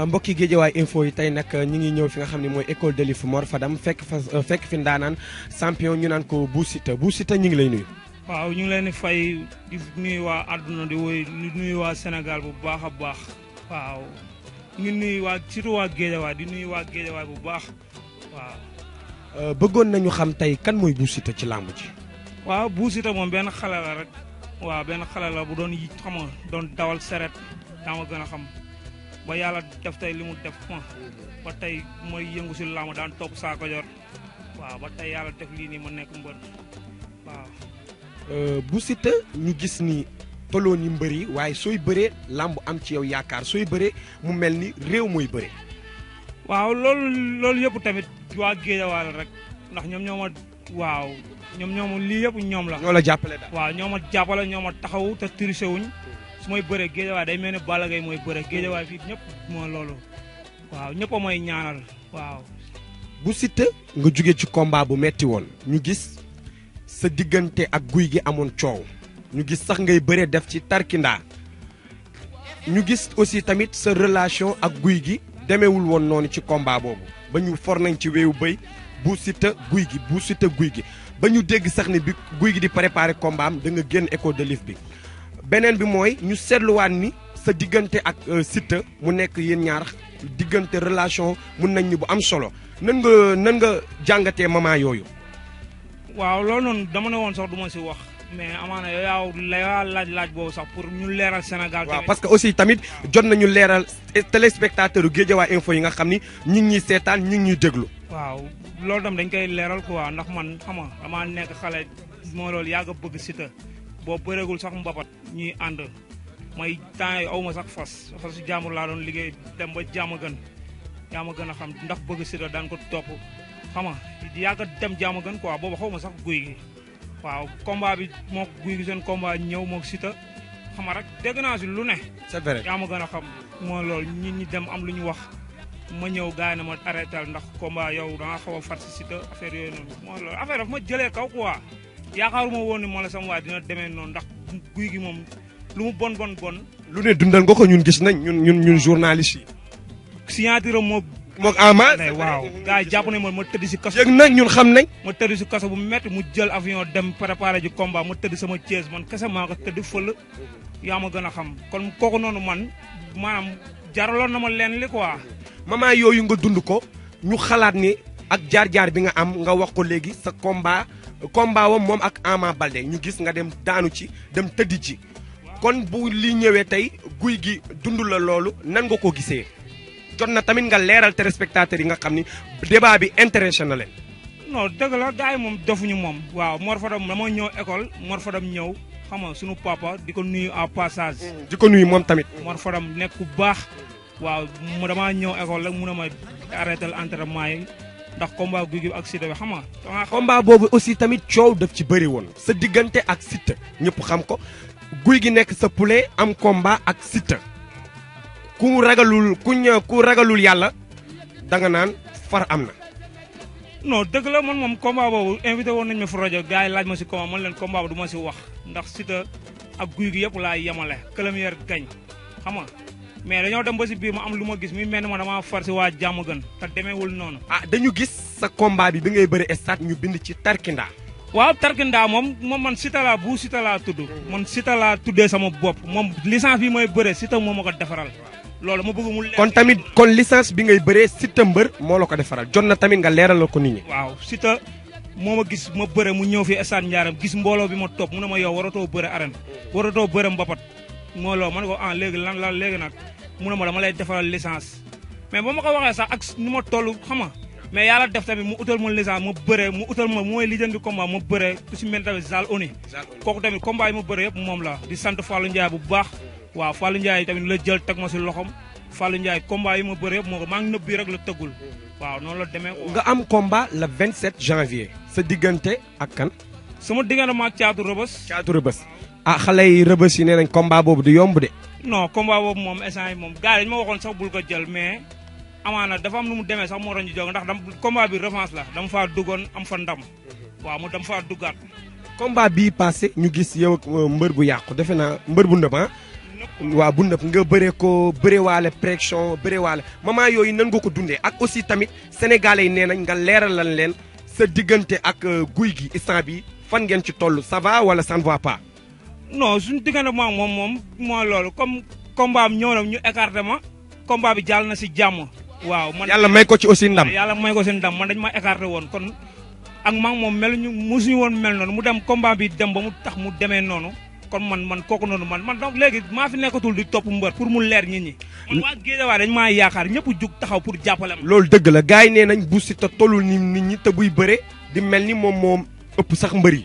Euh, mbokki géejawaay info yi tey nag euh, ñi ngi ñëw fi nga xam ne mooy école de lif Mor fekk fa euh, fekk fi ndaanaan champion ñu naan ko Bou Siteu Bou Siteu ñu ngi lay nuyu waaw ñu ngi leen di fay di nuyu waa àdduna di woy nuyu waa Sénégal bu baax a baax waaw ngi nuyu waa surtout waa géejawaay di nuyu waa géejawaay bu baax waaw bëggoon nañu xam tey kan mooy Bou ci làmb ji waaw Bou moom benn xale la rek waaw benn xale la bu doon yi xama doon dawal seret daa gën a xam ba yàlla def tey li mu def ma mm-hmm. ba tey may yëngu si làmb daan topp saa waaw ba tey yàlla def lii nii ma nekk mbër waaw. Euh, bu Siteu ñu gis ni tolloo ni mbër yi waaye sooy bëree làmb am ci yow yaakaar sooy bëree mu mel ni réew mooy bëree. waaw loolu loolu yëpp tamit waa Géejawaay rek ndax ñoom ñoo waaw ñoom ñoo lii yëpp ñoom la. ñoo la jàppale daal waaw ñoo ma jàppale ñoo ma taxawu te triché wuñ. mooy bëre géejawaay day mel ni Balla Gaye mooy bëre géejawaay fii ñëpp moo loolu waaw ñëpp mooy ñaanal waaw. bu Siteu nga jóge ci combat bu metti woon ñu gis sa diggante ak guy gi amoon coow ñu gis sax ngay bëre def ci tarkindaa ñu gis aussi tamit sa relation ak guy gi demewul woon noonu ci combat boobu ba ñu for nañ ci weewu bëy bu Siteu guy gi bu Siteu guy gi ba ñu dégg sax ni bi guy gi di préparer combat am da nga génn écho de lif bi beneen bi mooy ñu seetluwaat ni sa diggante ak euh, Siteu mu nekk yéen ñaar diggante relation mun nañ ni bu am solo nan nga nan nga jàngatee moment yooyu. waaw loolu noonu dama ne woon sax du ma si wax. mais amaana yow yaa laaj laaj boobu sax pour ñu leeral Sénégal. waaw parce que aussi tamit jot nañu leeral téléspectateur yu Guédiawaye info yi nga xam ni ñu ñi seetaan ñu ngi ñuy déglu. waaw loolu tam dañ koy leeral ko waa ndax man xam nga damaa nekk xale moo loolu yàgg bëgg Siteu boo bëreegul sax mbapat ñuy ànd may temps yi aw ma sax fas fas su jaamur laa doon liggéey dem ba jaama gën jaama gën a xam ndax bëgg Siteu daan ko topp xam nga yàgg dem jaama gën quoi boobu xaw ma sax guy gi waaw combat bi moo guy gi seen combat ñëw moo sita xam nga rek dégg naa si lu ne. c'est vrai jaama gën a xam moo lool nit ñi dem am lu ñu wax ma ñëw gars na ma arrêtal ndax combat yow da nga far si Siteu affaire yooyu noonu mooy loolu affaire daf ma jëlee kaw quoi. yaakaaruma woon ni moo la sama waay dina demee noonu ndax guy gi moom lu mu bon bon bon. lu ne dundal nga ko ñun gis nañ ñun ñun ñun journaliste yi. signature moo. moog ama waaw gars yi jàpp nañ ma ma tëdd si kaso. yëg nañ xam nañ. ma tëdd si kaso bu métti mu jël avion dem préparé ji combat ma tëdd sama Thiès man kese maa ko tëdd fël yaa ma gën a xam kon kooku noonu man maanaam jaraloon na ma leen li quoi. maman yooyu nga dund ko ñu xalaat ni. ak jaar-jaar bi nga am nga wax ko legui sa combat combat wam mom ak Ama balde ñu gis nga dem daanu ci dem teddi ci kon bu li ñewé tay guuy gi dundul la lolu nan nga ko gisé jot na tamit nga leeral spectateur yi nga xamni débat bi intéressé non la gaay mom defuñu mom waaw morfodam dama ñëw école morfodam xam nga papa di nuyu à passage. Mm. di nuyu mom tamit. Mm. morfodam Fadam nekk ku baax. waaw dama ñëw école rek mu na ma arrêté l'entraînement ndax combat Gouye Gui ak Siteu bi xam nga. combat boobu aussi tamit coow def ci bëri woon. sa diggante ak Siteu ñëpp xam ko guy gi nekk sa poulet am komba ak Siteu ku ragalul ku ñëw ku ragalul yàlla danga naan far am na. non dëgg la man moom combat boobu invité woon nañu ma fu rajo gars yi laaj ma si combat mën leen combat bi du ma wax ndax Siteu ak Gouye Gui yëpp laay yemale. këlëm yar gañ xam mais dañu dem ba ci biir mu am luma gis mi melni ma dama forcer wa jamm gën démé wul non ah dañu gis sa combat bi bi ngay bëri stade ñu bind ci tarkinda waaw tarkinda mom mom man sitala bu sitala tuddu man sitala tuddé sama bop mom licence bi moy bëre sita moo ma défaral lolu mo bëggumul kon tamit kon licence bi ngay bëree sita mbër mo lako défaral defaral jot na tamit nga léralal ko nit ñi waaw sita moma gis ma bëre mu ñëw fi stade ñaaram gis mbolo bi ma top mu ne ma yow waratoo bëre arène waratoo bëre mbapat moo loo ma ne ko ah léegi lan laa léegi nag mu ne ma dama lay defaral licence mais ba ma ko waxee sax ak nu ma toll xam nga mais yàlla def tamit mu utal ma licence ma bëree mu utal ma mooy lijjanti combat ma bëree ku si mel tamit Zal Oni kooku tamit combat yi ma yëpp moom la di sant Fallou Ndiaye bu baax waaw Fallou Ndiaye tamit la jël teg ma si loxom Fallou Ndiaye combat yi ma bëree yëpp moo ko maa ngi nëbbi rek la tëggul waaw noonu la demee nga am combat le 27 janvier sa diggante ak kan sama diggante maag Caatu Rëbës Caatu Rëbës ah xalé yi rëbës yi nee combat bobu du yomb de. non combat bobu mom instant mom gaay dañ ma waxon sax bul ko jël mais amana dafa am nu mu demee sax mo doon jog ndax dam combat bi revanche la dam fa dugon am fa ndam wa mu dam fa dugat combat bi passé ñu gis yow euh, mbeur bu yaq defe naa bu ndam ah? wa bu nga béré ko béré walé pression bëree waale moment yooyu nan nga ko dundé ak aussi tamit sénégalais yi nee nañ nga sa digënté ak euh, guuy gi instant bi fan ngeen ci tollu ça va wala ça ne va pas. non suñu diggante ma moom moom moo loolu comme combat bi ñëw na ma combat bi jàll na si jàmm. waaw man yàlla may ko ci aussi ndam. yàlla may ko si ndam man dañu ma écarté woon kon ak ma moom meluñu mosuñu woon mel noonu mu dem combat bi dem ba mu tax mu demee noonu. kon man man kooku noonu man man donc léegi maa fi nekkatul di topp mbër pour mu leer nit ñi. man waa Géejawaay dañ maa yaakaar ñëpp jug taxaw pour jàppale ma. loolu dëgg la gars yi nee nañ bu Siteu tollu ni nit ñi te buy bëre di mel ni moom moom ëpp sax mbër yi.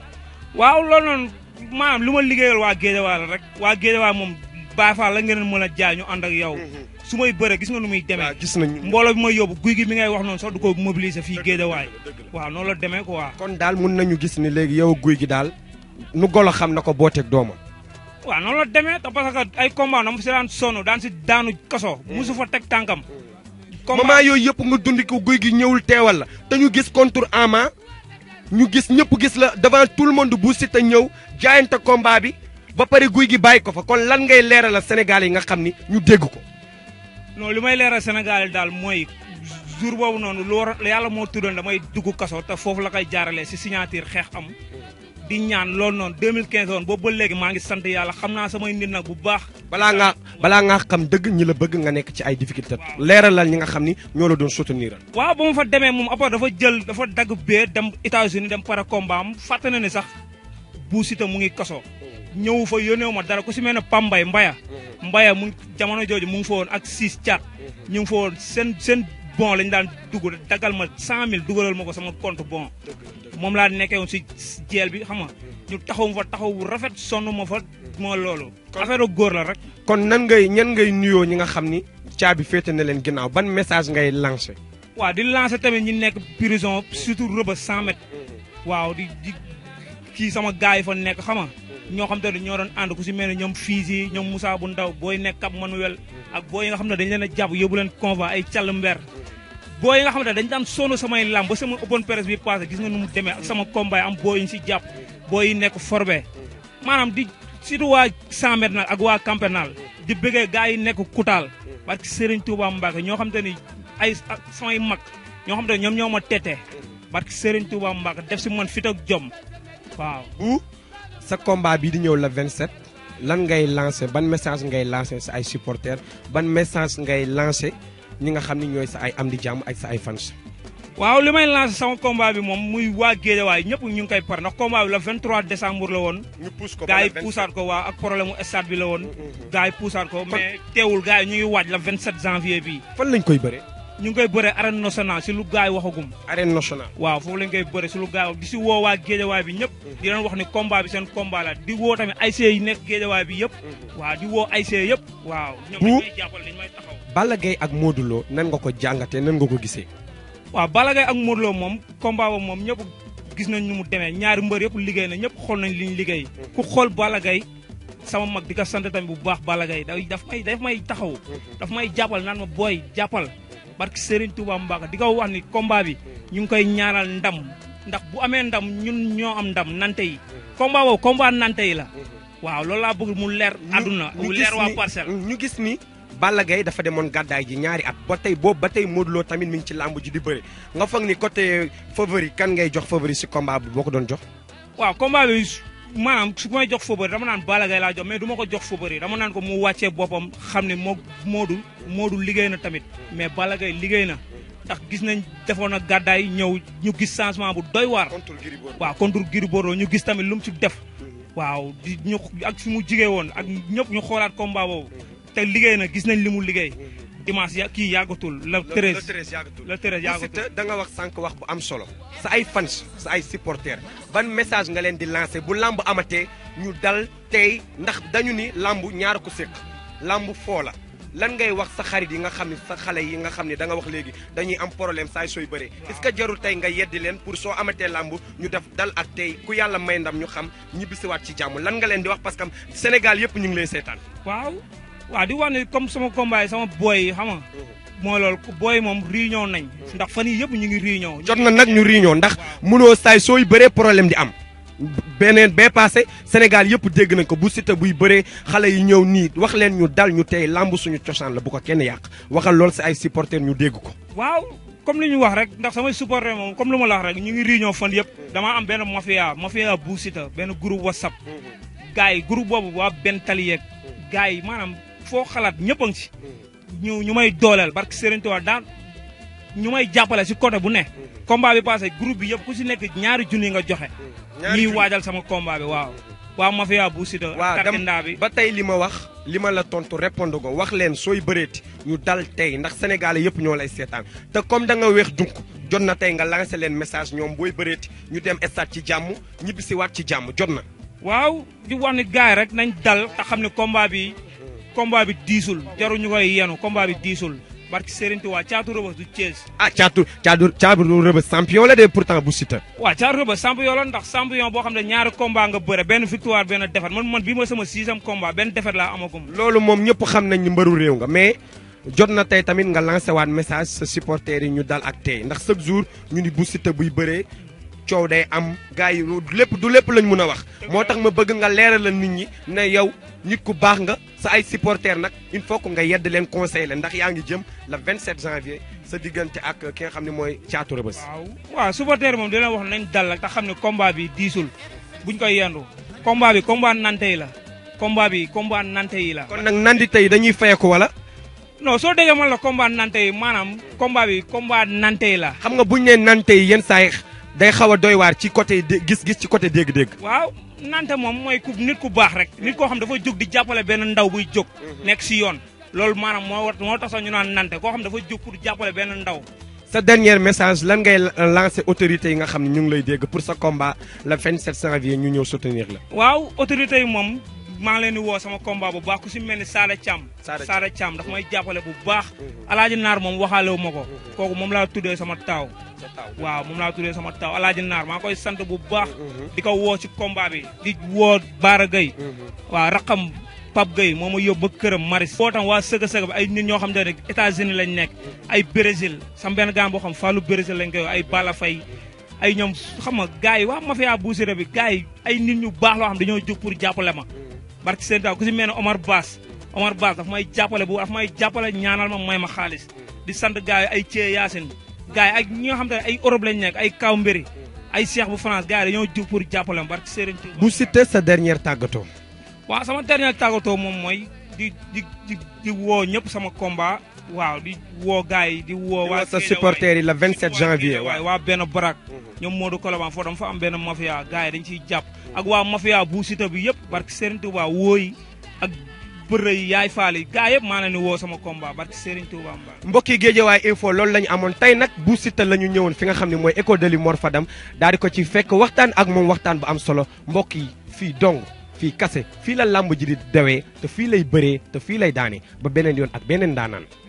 maanaam lu ma liggéeyal waa Géejawaay la rek waa Géejawaay moom Baay Faal la ngeen mën a jaay ñu ànd ak yow mhm. su may bëree gis nga nu muy demee gis nañu mbooloo bi may yóbbu guy gi mi ngay wax noonu sax du ko mobiliser fii Géejawaay waaw noonu la demee quoi kon daal mun nañu gis ni léegi yow guy gi daal nu golo xam na ko boo booteeg doomam waaw noonu la demee te parce que ay combat dama si daan sonn daan si daanu kaso mhm. musu fa teg tànkam mhm. combat yooyu yëpp nga dundi ko guy gi ñëwul teewal la te ñu gis contre ama ñu gis ñëpp gis la devant tout le monde bu Siteu ñëw jaayante kombaa bi ba pare guy gi bàyyi ko fa kon lan ngay leeral Sénégal yi nga xam ni ñu dégg ko. non li may leeral Sénégal daal mooy jour boobu noonu lu yàlla moo tuddoon damay dugg kaso te foofu la koy jaaralee si signature xeex am di ñaan loolu noonu 2015 boobu ba léegi maa ngi sant yàlla xam naa samay nit nag bu baax. balaa ngaa balaa ngaa xam dëgg ñi la bëgg nga nekk ci ay difficulté leeralal ñi nga xam ni ñoo doon soutenir. waaw ba ma fa demee moom apport dafa jël dafa dagg bee dem États-Unis dem a combat am fàtte sax bu mu ngi kaso. ñëw fa yónnee ma dara ku si mel ne Pambay Mbaya. Mbaya mm-hmm. mu jamono jooju mu ngi fa ak Ciss Thiat. Mm-hmm. ñu ngi fa bon lañ daan dugg daggal ma cent mille dugalal ma ko sama compte bon moom laa nekkee woon si jeel bi xam nga ñu taxaw fa taxaw bu rafet sonn ma fa moo loolu affaire góor la rek kon nan ngay ñan ngay nuyoo ñi nga xam ni caabi féete na leen ginnaaw ban message ngay lancé waa di lancé tamit ñi nekk prison surtout rëba 100 mètres mm-hmm. waaw di di kii sama gars yi fa nekk xam nga ñoo xam te doon and ku ci melni ñom ñoom ñom Moussa bu ndaw boy nekk ak Manuel ak boy nga xamne dañ leena japp yobul yóbbu leen convoi ay càll mber boy nga xamne dañ daan sonu sama lamb ba sama open press bi passé gis nga nu mu demee ak sama combat am boy ci japp boy booy yi nekk forbe maanaam di surtout waa 100 mètres nak ak wa campé di bëggé gaay yi nekk kutaal parce Serigne Touba Mbacke ñoo xam ni ay samay mak ñoo xam ñom ñoma tété barki Serigne Touba Mbacke def ci man fit ak jom waaw. sa combat bi di ñëw la 27 lan ngay lancé ban message ngay lancé sa ay supporters ban message ngay lancé ñi nga xam ne ñooy sa ay am di jàmm ak sa ay fans. waaw li may lancé sama combat bi moom muy waa Guédiawaye ñëpp ñu ngi koy par ndax combat bi la 23 décembre la woon. ñu ko ba la 27 gars puusaat ko waa ak problème mu bi la woon. gars yi puusaat ko mais teewul gars yi ñu ngi waaj la 27 janvier bi koy bëree. ñu ngi koy bëre arène nationale si lu gaay waxagum. arène nationale. waaw foofu lañ koy bëre si lu gaay wax di si woo waa géejawaay bi ñëpp. Mm-hmm. di leen wax ni combat bi seen combat la di woo tamit ay see yi nekk géejawaay bi yëpp. Mm-hmm. waaw di woo ay see yëpp. waaw ñoom dañ may jàppal dañ may taxaw. Balla ak Modou Lo nan nga ko jàngatee nan nga ko gisee. waaw Balla Gaye ak Modou moom combat ba moom ñëpp gis nañ ñu mu demee ñaari mbër yëpp liggéey na ñëpp xool nañ li liggéey. Mm-hmm. ku xool Balla Gaye sama mag di ko sant tamit bu baax Balla Gaye daf may daf may taxaw. daf may jàppal naan ma booy jàppal barke Serigne Touba Mbacke di ko wax ni combat bi ñu ngi koy ñaaral ndam ndax bu amee ndam ñun ñoo am ndam nante yi combat boobu combat nante yi la waaw loolu laa bëgg mu leer àdduna mu leer waa parcelle ñu gis ni Balla Gaye dafa demoon gàddaay ji ñaari at ba tey boobu ba tey Modou tamit mi ngi ci làmb ji di bëri nga foog ni côté favori kan ngay jox favori si combat bi boo ko doon jox waaw combat bi maanaam su may jox favori dama naan balagay Gaye laa jox mais duma ko jox favori dama naan ko mu wàccee boppam xam ne moo Modou Modou liggéey na tamit mais Balla liggéey na ndax gis nañ defoon na gàddaay ñëw ñu gis changement bu doy waar. waaw contre Gris Bordeaux ñu gis tamit lu mu ci def. Mm-hmm. waaw di ñu ak fi mu jigee woon ak ñëpp ñu xoolaat combat boobu. te liggéey na gis nañ li mu liggéey. Mm-hmm. dimanche ya kii yàggatul le treize le treize yàggatul da nga wax sànq wax bu am solo sa ay fans sa ay supporters ban message nga leen di lancé bu làmb amatee ñu dal tey ndax dañu ni làmb ñaar ko séq làmb foo la lan ngay wax sa xarit yi nga xam ne sa xale yi nga xam ne da nga wax léegi dañuy am problème saay sooy bëree est-ce que jarul tey nga yeddi leen pour soo amatee làmb ñu def dal ak tey ku yàlla may ndam ñu xam ñibbisiwaat ci jàmm lan nga leen di wax parce que Sénégal yëpp ñu ngi lay seetaan waaw waaw di wax ne comme sama combat yi sama booy yi xam moo mooy loolu booy moom réunion nañ ndax fan yii yëpp ñu ngi réunion jot na nag ñu réunion ndax mënoo saay sooy bëree problème di am beneen bee passé Sénégal yëpp dégg nañ ko bu Siteu buy bëree xale yi ñëw nii wax leen ñu dal ñu tey làmb suñu cosaan la bu ko kenn yàq waxal lool si ay supporters ñu dégg ko waaw comme li ñu wax rek ndax samay supporters moom comme lu ma la wax rek ñu ngi réunion fan yëpp dama am benn mafia mafia bu Siteu benn groupe WhatsApp gars yi groupe boobu waa benn tali yeeg gars yi maanaam foo xalaat ñëpp a ngi ci. ñu ñu may dooleel barke Serigne Touba daal ñu may jàppale si côté bu ne. combat bi passé groupe bi yëpp ku si nekk ñaari junni nga joxe. ñuy waajal sama combat bi waaw. waaw mafia bu Siteu. waaw tarkindaa bi ba tey li ma wax. li ma la tontu répondre ko wax leen sooy bëreeti ñu dal tey ndax sénégalais yëpp ñoo lay seetaan te comme da nga weex dunk jot na tey nga lancé leen message ñoom booy bëreeti ñu dem stade ci jàmm ñibbisiwaat ci jàmm jot na. waaw di wax ni gars rek nañ dal te xam ne combat bi combat bi diisul jaruñu koy yenu combat bi diisul barki Serigne Touba caatu rëbës du Thiès. ah caatu caatu rëbës champion la de pourtant bu Siteu. waaw caatu rëbës champion la ndax champion boo xam ne ñaari combat nga bëre benn victoire benn défaite man man bii mooy sama sixième combat benn défaite laa amagum. loolu moom ñëpp xam nañ ni mbëru réew nga mais. jot na tey tamit nga lancé waat message sa supporters yi ñu dal ak tey ndax chaque jour ñu ni bu Siteu buy bëree coow day am gars yi lépp du lépp lañ mun a wax. moo tax ma bëgg nga leeralal nit ñi ne yow nit ku baax nga sa ay supporters nag il faut que nga yedd leen conseil la ndax yaa ngi jëm le 27 janvier sa diggante ak ki nga xam ne mooy caatu rëbës. waaw waaw supporter moom dina wax nañ dal te xam ne combat bi diisul buñ koy yendu combat bi combat nante yi la. combat bi combat nante yi la. kon nag nandi tey dañuy fayeku wala. non soo déggee man la combat nante yi maanaam combat bi combat nante yi la. xam nga buñ ne nante yenn saa day xaw a doy waar ci côté gis-gis ci côté dégg-dégg. waaw nante moom mooy ku nit ku baax rek. nit koo xam dafa jóg di jàppale benn ndaw buy jóg. Mhm. nekk si yoon loolu maanaam moo wat moo tax ñu naan nante koo xam dafa jóg pour jàppale benn ndaw. sa dernier message lan ngay lancé autorités yi nga xam ne ñu ngi lay dégg pour sa combat le 27 janvier ñu ñëw soutenir la. waaw autorités yi moom maa wo sama combat bu baax ku ci melni sala cham sala cham daf may mm-hmm. jappale bu baax mm-hmm. aladi nar mom waxale mako koku ko la mm-hmm. moom sama taw waaw mom la tuddee sama taw aladi nar maa sant bu baax di wo ci combat bi di wo bara gay waaw rakam pap gay momo ma keureum Maris fotam wa seug seug ay nit ñoo xam de rek États-Unis lañ nek ay Brésil sam ben gaan bo xam Fallou Brésil lañ koy ay Bala fay ay ñom xam nga gaay wa mafia buusira bi gaay ay nit ñu baax lo xam dañoo pour barki seen taw ku si mel ne Omar Baas Omar Baas daf may jàppale bu daf may jàppale ñaanal ma may ma xaalis di sant gars ay Thié Yacine gars yi ak ñi nga xam ne ay Europe lañ nekk ay kaw mbiri ay Cheikh bu France gars yi dañoo jub pour jàppale ma barki seen taw. bu cité sa dernière tàggatoo. waaw sama dernière tàggatoo moom mooy di di di woo ñëpp sama combat waaw di woo gars yi di woo. waa sa supporter yi la 27 janvier. waaw waa benn barak. Mm-hmm. ñoom Modou Colobane foo dama fa am benn mafia gars yi dañ ciy jàpp. ak waa mafia bu Siteu bi yëpp barki Serigne Touba wooyi ak. bërë yi yaay faal yi gaa yëpp maa na ni woo sama combat barki Serigne Touba Mbaye mbokki Géejawaay info loolu lañu amoon tey nag bu Siteu la ñu ñëwoon fi nga xam ne mooy école de li Mor Fadam daal di ko ci fekk waxtaan ak moom waxtaan bu am solo mbokk yi fii dong fii kase fii la làmb ji di dawee te fii lay bëree te fii lay daane ba beneen yoon ak beneen daanaan